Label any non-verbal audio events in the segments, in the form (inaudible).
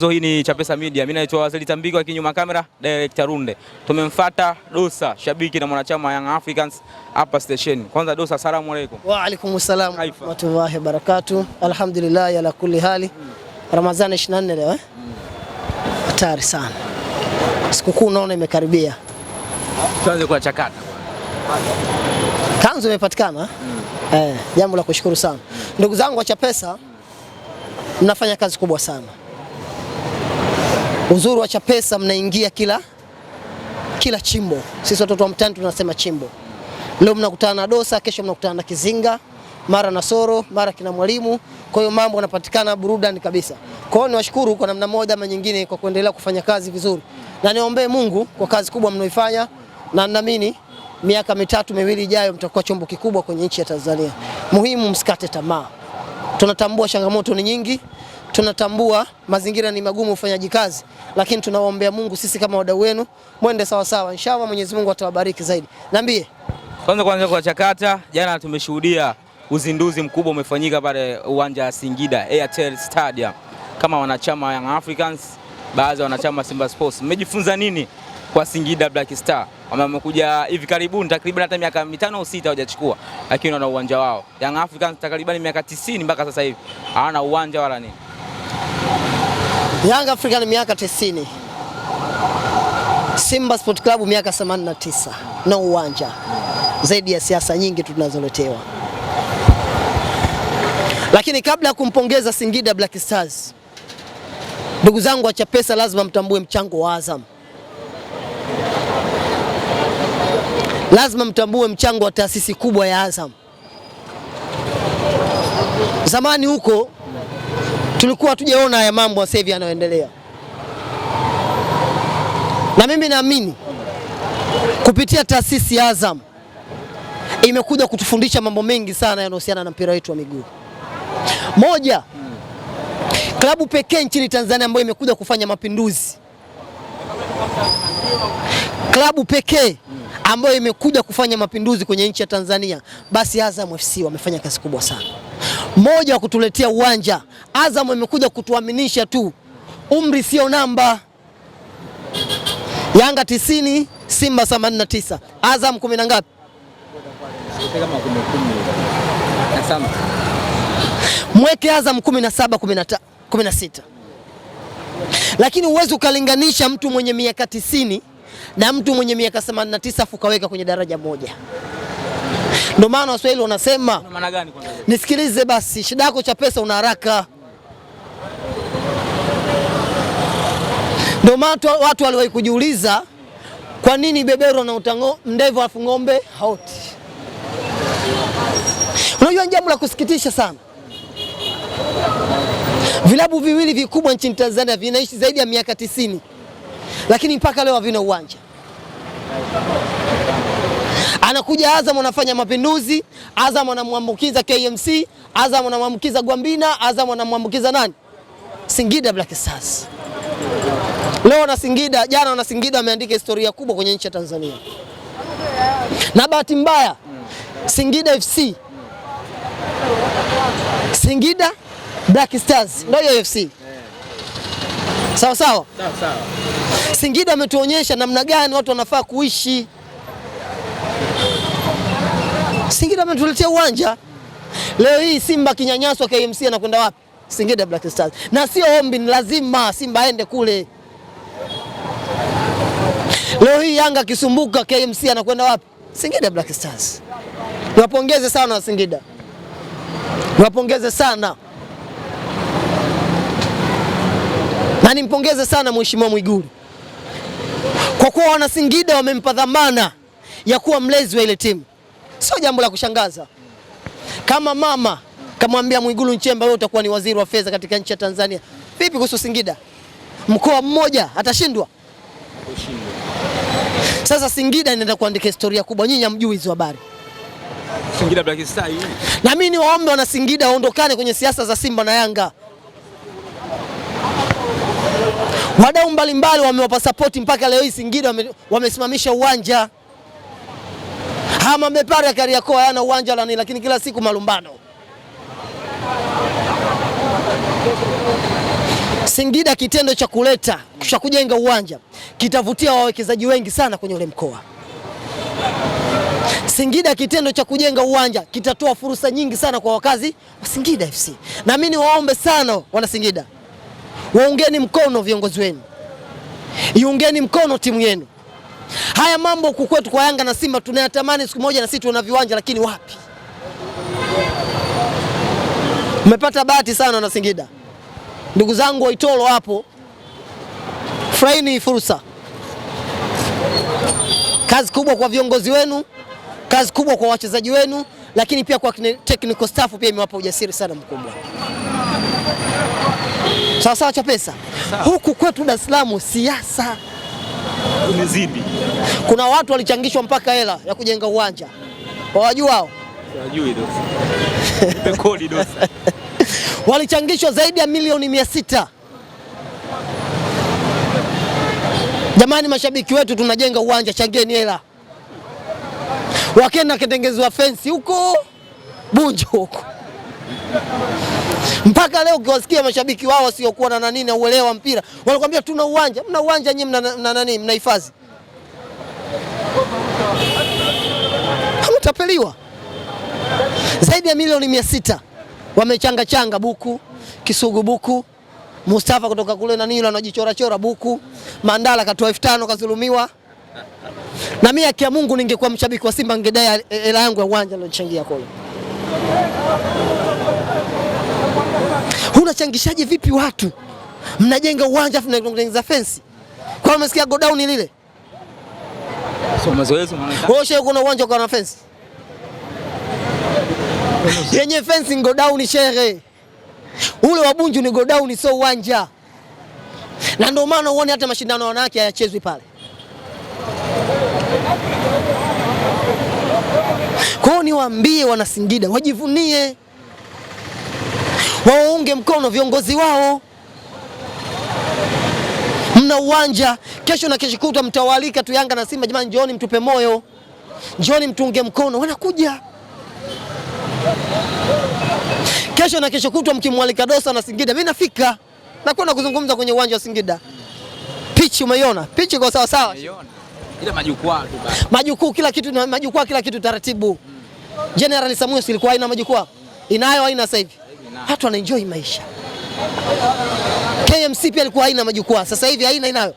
So, hii ni Chapesa Media. Mimi naitwa Wazili Tambiko, akinyuma kamera director Runde. Tumemfuata Dosa, shabiki na mwanachama Young Africans hapa station. Kwanza Dosa, asalamu alaykum. Wa alaykum assalam wa rahmatullahi barakatuh. Alhamdulillah ala kulli hali. Ramadhani 24 leo eh? Hatari sana. Sikukuu naona imekaribia. Tuanze kwa chakata. Kanzu imepatikana. Eh, mm. eh jambo la kushukuru sana. Ndugu zangu wa Chapesa, mnafanya kazi kubwa sana. Uzuri wa Chapesa mnaingia kila kila chimbo. Sisi watoto wa mtaani tunasema chimbo. Leo mnakutana na Dosa, kesho mnakutana na Kizinga, mara na Soro, mara kina Mwalimu. Kwa hiyo mambo yanapatikana burudani kabisa. Kwa hiyo niwashukuru kwa namna moja ama nyingine kwa kuendelea kufanya kazi vizuri, na niombee Mungu kwa kazi kubwa mnaoifanya, na naamini miaka mitatu miwili ijayo mtakuwa chombo kikubwa kwenye nchi ya Tanzania. Muhimu, msikate tamaa. Tunatambua changamoto ni nyingi tunatambua mazingira ni magumu ufanyaji kazi, lakini tunawaombea Mungu sisi kama wadau wenu mwende sawa sawa, inshallah Mwenyezi Mungu atawabariki zaidi. Niambie kwanza kwanza kwa Chakata, jana tumeshuhudia uzinduzi mkubwa umefanyika pale uwanja wa Singida Airtel Stadium, kama wanachama Young Africans, baadhi ya wanachama Simba Sports, mmejifunza nini kwa Singida Black Star? Wamekuja hivi karibuni takriban hata miaka mitano au sita hawajachukua, lakini wana uwanja wao. Young Africans takriban miaka 90 mpaka sasa hivi hawana uwanja wala nini. Young African miaka 90. Simba Sport Club miaka 89 na uwanja zaidi ya siasa nyingi tunazoletewa, lakini kabla ya kumpongeza Singida Black Stars, ndugu zangu wa Chapesa, lazima mtambue mchango wa Azam, lazima mtambue mchango wa taasisi kubwa ya Azam. Zamani huko tulikuwa hatujaona haya mambo sasa hivi yanayoendelea, na mimi naamini kupitia taasisi ya Azam imekuja kutufundisha mambo mengi sana yanayohusiana na mpira wetu wa miguu. Moja, klabu pekee nchini Tanzania ambayo imekuja kufanya mapinduzi, klabu pekee ambayo imekuja kufanya mapinduzi kwenye nchi ya Tanzania, basi Azam FC wamefanya kazi kubwa sana moja wa kutuletea uwanja. Azam imekuja kutuaminisha tu, umri sio namba. Yanga tisini, Simba 89, Azam kumi na ngapi? Mweke Azam 17, 15, 16, lakini huwezi ukalinganisha mtu mwenye miaka 90 na mtu mwenye miaka 89 afu ukaweka kwenye daraja moja. Ndio maana Waswahili wanasema, nisikilize basi, shida yako cha pesa una haraka. Ndio maana watu waliwahi kujiuliza kwa nini beberu utango ndevu afu ng'ombe haoti. Unajua jambo la kusikitisha sana, vilabu viwili vikubwa nchini Tanzania vinaishi zaidi ya miaka tisini, lakini mpaka leo havina uwanja. Anakuja Azam anafanya mapinduzi, Azam anamwambukiza KMC, Azam anamwambukiza Gwambina, Azam anamwambukiza nani? Singida Black Stars. Leo na Singida, jana na Singida ameandika historia kubwa kwenye nchi ya Tanzania. Na bahati mbaya Singida FC, Singida Black Stars ndio hiyo FC. Sawa sawa. Sawa sawa. Singida ametuonyesha namna gani watu wanafaa kuishi. Singida ametuletea uwanja. Leo hii Simba kinyanyaswa KMC anakwenda wapi? Singida Black Stars. Na sio ombi, ni lazima Simba aende kule. Leo hii Yanga kisumbuka KMC anakwenda wapi? Singida Black Stars. Niwapongeze sana wa Singida, niwapongeze sana na nimpongeze sana Mheshimiwa Mwigulu kwa kuwa wana Singida wamempa dhamana ya kuwa mlezi wa ile timu sio jambo la kushangaza. Kama mama kamwambia Mwigulu Nchemba, wewe utakuwa ni waziri wa fedha katika nchi ya Tanzania, vipi kuhusu Singida? Mkoa mmoja atashindwa? Sasa Singida inaenda kuandika historia kubwa, nyinyi hamjui hizo habari. Singida Black Star hii. Na mimi ni waombe wana Singida waondokane kwenye siasa za Simba na Yanga. Wadau mbalimbali wamewapa support mpaka leo hii Singida wamesimamisha wame uwanja kama Mepare ya Kariakoo hayana uwanja lani lakini kila siku malumbano. Singida kitendo cha kuleta cha kujenga uwanja kitavutia wawekezaji wengi sana kwenye ule mkoa. Singida kitendo cha kujenga uwanja kitatoa fursa nyingi sana kwa wakazi wa Singida FC. Na mimi niwaombe sana wana Singida, waungeni mkono viongozi wenu, iungeni mkono timu yenu. Haya mambo huku kwetu kwa Yanga na Simba tunayatamani siku moja na sisi tuna viwanja, lakini wapi. Mmepata bahati sana na Singida, ndugu zangu waitolo hapo, furahini fursa. Kazi kubwa kwa viongozi wenu, kazi kubwa kwa wachezaji wenu, lakini pia kwa technical staff pia imewapa ujasiri sana mkubwa. Sawasawa, Chapesa, huku kwetu Dar es Salaam siasa umezidi. Kuna watu walichangishwa mpaka hela ya kujenga uwanja, wawajua hao? (laughs) walichangishwa zaidi ya milioni mia sita. Jamani, mashabiki wetu, tunajenga uwanja, changeni hela. Wakenda akitengezwa fensi huko Bunju huko mpaka leo ukiwasikia mashabiki wao wasiokuwa na nani na uelewa mpira wanakuambia tuna uwanja. Mna uwanja nyinyi, mna mna nani? Mna hifadhi, hamtapeliwa zaidi ya milioni mia sita wamechanga changa buku Kisugu buku Mustafa kutoka kule na nini anajichora chora buku Mandala katoa elfu tano kazulumiwa. Na mimi akia Mungu ningekuwa mshabiki wa Simba ningedai hela yangu ya uwanja nilochangia kule. Unachangishaje vipi watu? Mnajenga uwanja afu mnatengeneza fensi. Kwa umesikia go down lile? So mazoezi mnaonekana. Wewe shehe, kuna uwanja uko na fensi. Yenye fensi go down shehe. Ule wa Bunju ni go down sio uwanja. Na ndio maana uone hata mashindano ya wanawake hayachezwi pale. Kwa hiyo niwaambie wana Singida wajivunie waunge mkono viongozi wao. Mna uwanja, kesho na kesho kutwa mtawalika tu Yanga na Simba, jamani, njooni mtupe moyo, njooni mtunge mkono, wanakuja kesho na kesho kutwa. Mkimwalika Dosa na Singida, mimi nafika kwenda kuzungumza kwenye uwanja wa Singida. Pichi umeiona, pichi kwa sawa sawa, ila majukwaa tu basi, majukwaa kila kitu majukwaa kila kitu taratibu. Mm. General Samuel ilikuwa haina majukwaa, inayo haina sasa hivi watu wanaenjoy maisha. KMC pia alikuwa haina majukwaa, sasa hivi haina inayo,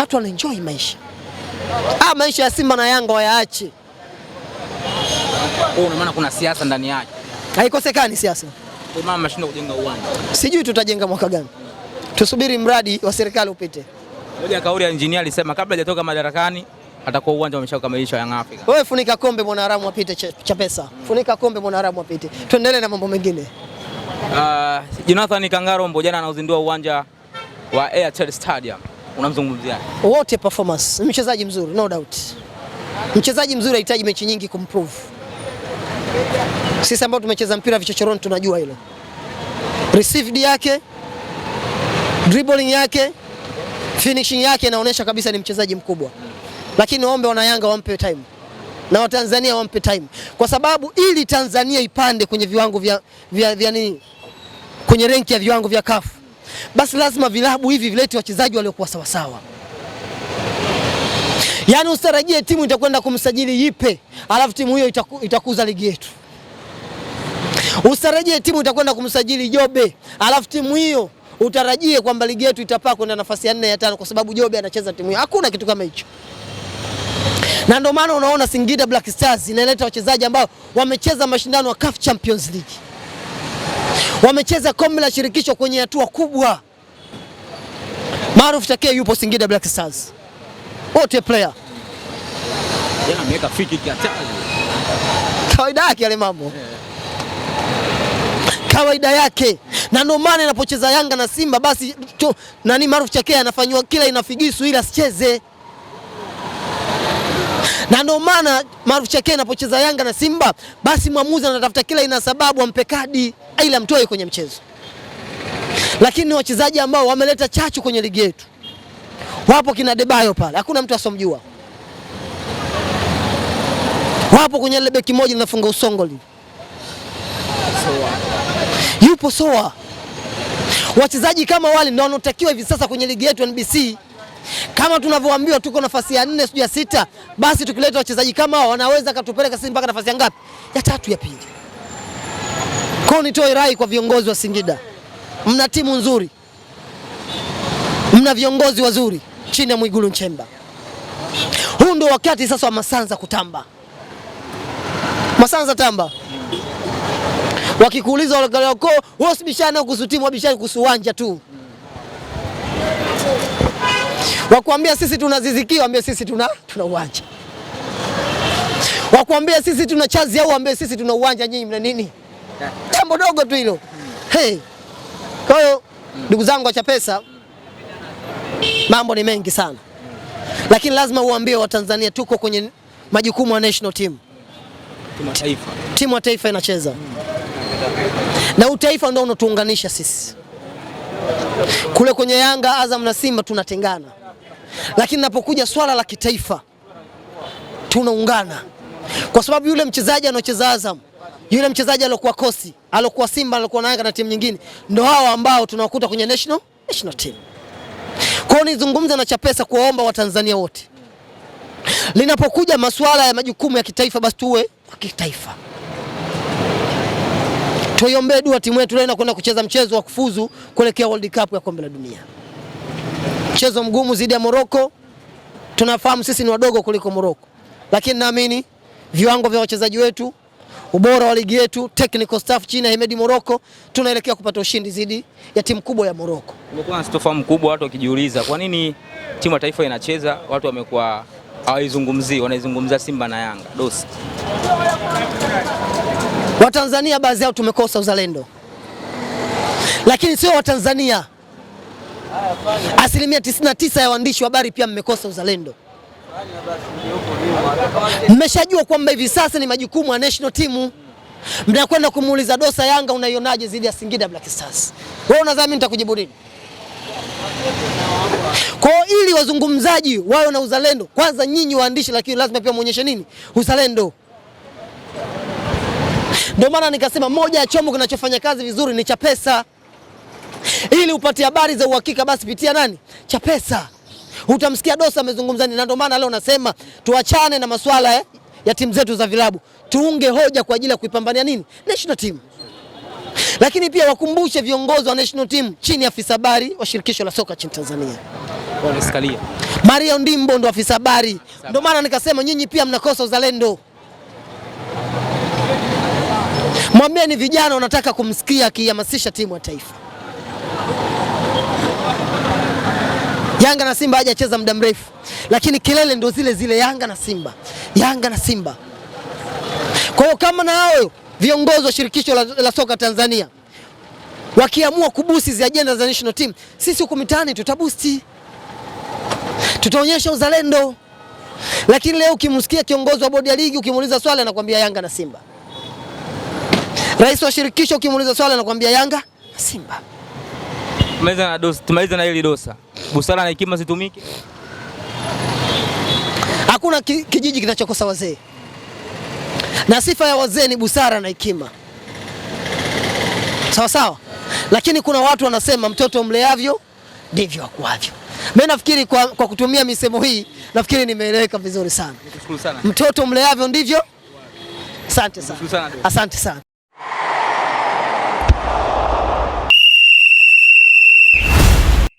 watu wanaenjoy maisha. Ah, maisha ya Simba na Yanga wayaache. Oh, maana kuna siasa ndani yake, haikosekani siasa. Mama ameshinda kujenga uwanja, sijui tutajenga mwaka gani, tusubiri mradi wa serikali upite. Moja kauli ya engineer alisema kabla hajatoka madarakani atakuwa uwanja umeshakamilisha Young Africa. Wewe funika kombe mwana haramu apite cha pesa, funika kombe mwana haramu apite, tuendelee na mambo mengine. Uh, Jonathan Kangarombo jana anauzindua uwanja wa Airtel Stadium. Unamzungumzia Wote performance, mchezaji mzuri no doubt. Mchezaji mzuri anahitaji mechi nyingi kumprove. Sisi ambao tumecheza mpira vichochoroni tunajua hilo. Received yake, dribbling yake, finishing yake inaonyesha kabisa ni mchezaji mkubwa. Lakini waombe wana Yanga wampe time na Watanzania wampe time kwa sababu ili Tanzania ipande kwenye viwango vya, vya, vya nini kwenye renki ya viwango vya kafu, basi lazima vilabu hivi vilete wachezaji waliokuwa sawasawa. Yaani usitarajie timu itakwenda kumsajili Yipe alafu timu hiyo itaku, itakuza ligi yetu. Usitarajie timu itakwenda kumsajili Jobe alafu timu hiyo utarajie kwamba ligi yetu itapaa kwenda nafasi ya nne ya tano kwa sababu Jobe anacheza timu hiyo. Hakuna kitu kama hicho, na ndio maana unaona Singida Black Stars inaleta wachezaji ambao wamecheza mashindano ya CAF Champions League wamecheza kombe la shirikisho kwenye hatua kubwa. Maarufu Chakei yupo Singida Black Stars, wote player kawaida yake yale mambo kawaida yake, na ndio maana inapocheza Yanga na Simba basi nani Maarufu Chakei anafanywa kila inafigisu ili asicheze na ndio maana maarufu Chake anapocheza Yanga na Simba, basi mwamuzi anatafuta kila ina sababu ampe kadi ili amtoe kwenye mchezo, lakini ni wachezaji ambao wameleta chachu kwenye ligi yetu. Wapo kina Debayo pale, hakuna mtu asomjua. Wapo kwenye ile beki moja linafunga usongoli, yupo Soa. Wachezaji kama wale ndio wanaotakiwa hivi sasa kwenye ligi yetu NBC. Kama tunavyoambiwa tuko nafasi ya nne sijui ya sita, basi tukileta wachezaji kama hao wanaweza katupeleka sisi mpaka nafasi ya ngapi? Ya tatu, ya pili. Kwa nitoe rai kwa viongozi wa Singida, mna timu nzuri, mna viongozi wazuri chini ya Mwigulu Nchemba. Huu ndio wakati sasa wa Masanza kutamba. Masanza tamba. Wakikuuliza wale wako, wao sibishana kuhusu timu, wabishana kuhusu uwanja tu. Wakuambia sisi tuna ziziki, waambie sisi tuna tuna uwanja. Wakuambia sisi tuna chazi au waambie sisi tuna uwanja, nyinyi mna nini? Jambo dogo tu hilo. Hey. Kwa hiyo ndugu zangu pesa mambo ni mengi sana, lakini lazima uambie Watanzania tuko kwenye majukumu ya national team, timu ya taifa inacheza na utaifa taifa ndio unatuunganisha sisi. Kule kwenye Yanga, Azam na Simba tunatengana lakini napokuja swala la kitaifa tunaungana, kwa sababu yule mchezaji anaocheza Azam, yule mchezaji alokuwa kosi, alokuwa Simba, alokuwa naye na timu nyingine, ndo hao ambao tunawakuta kwenye national, national team. Kwa hiyo nizungumze na Chapesa kuwaomba Watanzania wote, linapokuja masuala ya majukumu ya kitaifa, basi tuwe wa kitaifa. Tuiombee dua timu yetu leo inakwenda kucheza mchezo wa kufuzu kuelekea World Cup ya kombe la dunia mchezo mgumu zaidi ya Moroko. Tunafahamu sisi ni wadogo kuliko Moroko, lakini naamini viwango vya wachezaji wetu, ubora wa ligi yetu, technical staff chini ya Hemedi Moroko, tunaelekea kupata ushindi zaidi ya timu kubwa ya Morocco. Kumekuwa na sitofahamu kubwa, watu wakijiuliza kwa nini timu ya taifa inacheza, watu wamekuwa hawaizungumzii, wanaizungumza Simba na Yanga dosi. Watanzania baadhi yao tumekosa uzalendo, lakini sio Watanzania Asilimia 99 ya waandishi wa habari pia mmekosa uzalendo. Mmeshajua kwamba hivi sasa ni majukumu ya national timu, mnakwenda kumuuliza Dosa, Yanga unaionaje dhidi ya Singida Black Stars? Wewe unadhani mimi nitakujibu nini? Kwa ili wazungumzaji wawe na uzalendo, kwanza nyinyi waandishi, lakini lazima pia muonyeshe nini? Uzalendo. Ndio maana nikasema moja ya chombo kinachofanya kazi vizuri ni cha pesa. Ili upate habari za uhakika, basi pitia nani? Chapesa. Utamsikia Dosa amezungumza nini, na ndio maana leo nasema tuachane na masuala eh, ya timu zetu za vilabu, tuunge hoja kwa ajili ya kuipambania nini national team. Lakini pia wakumbushe viongozi wa national team chini ya afisa habari wa shirikisho la soka nchini Tanzania Mario Ndimbo ndo afisa habari. ndo maana nikasema nyinyi pia mnakosa uzalendo. Mwambieni vijana wanataka kumsikia akihamasisha timu ya taifa. Yanga na Simba hajacheza muda mrefu, lakini kelele ndo zile zile, Yanga na Simba, Yanga na Simba. Kwa hiyo kama na hao viongozi wa shirikisho la, la soka Tanzania wakiamua kubusi zi ajenda za national team, sisi huko mitaani tutabusti, tutaonyesha uzalendo. Lakini leo ukimsikia kiongozi wa bodi ya ligi ukimuuliza swali anakuambia Yanga na Simba, rais wa shirikisho ukimuuliza swali anakuambia Yanga na Simba. Tumaliza na dosa, tumaliza na hili dosa busara na hekima zitumike. Hakuna kijiji kinachokosa wazee, na sifa ya wazee ni busara na hekima, sawa sawa. Lakini kuna watu wanasema mtoto mleavyo ndivyo akuavyo. Mimi nafikiri kwa, kwa kutumia misemo hii nafikiri nimeeleweka vizuri sana. Mtoto mleavyo ndivyo. Asante sana, asante sana.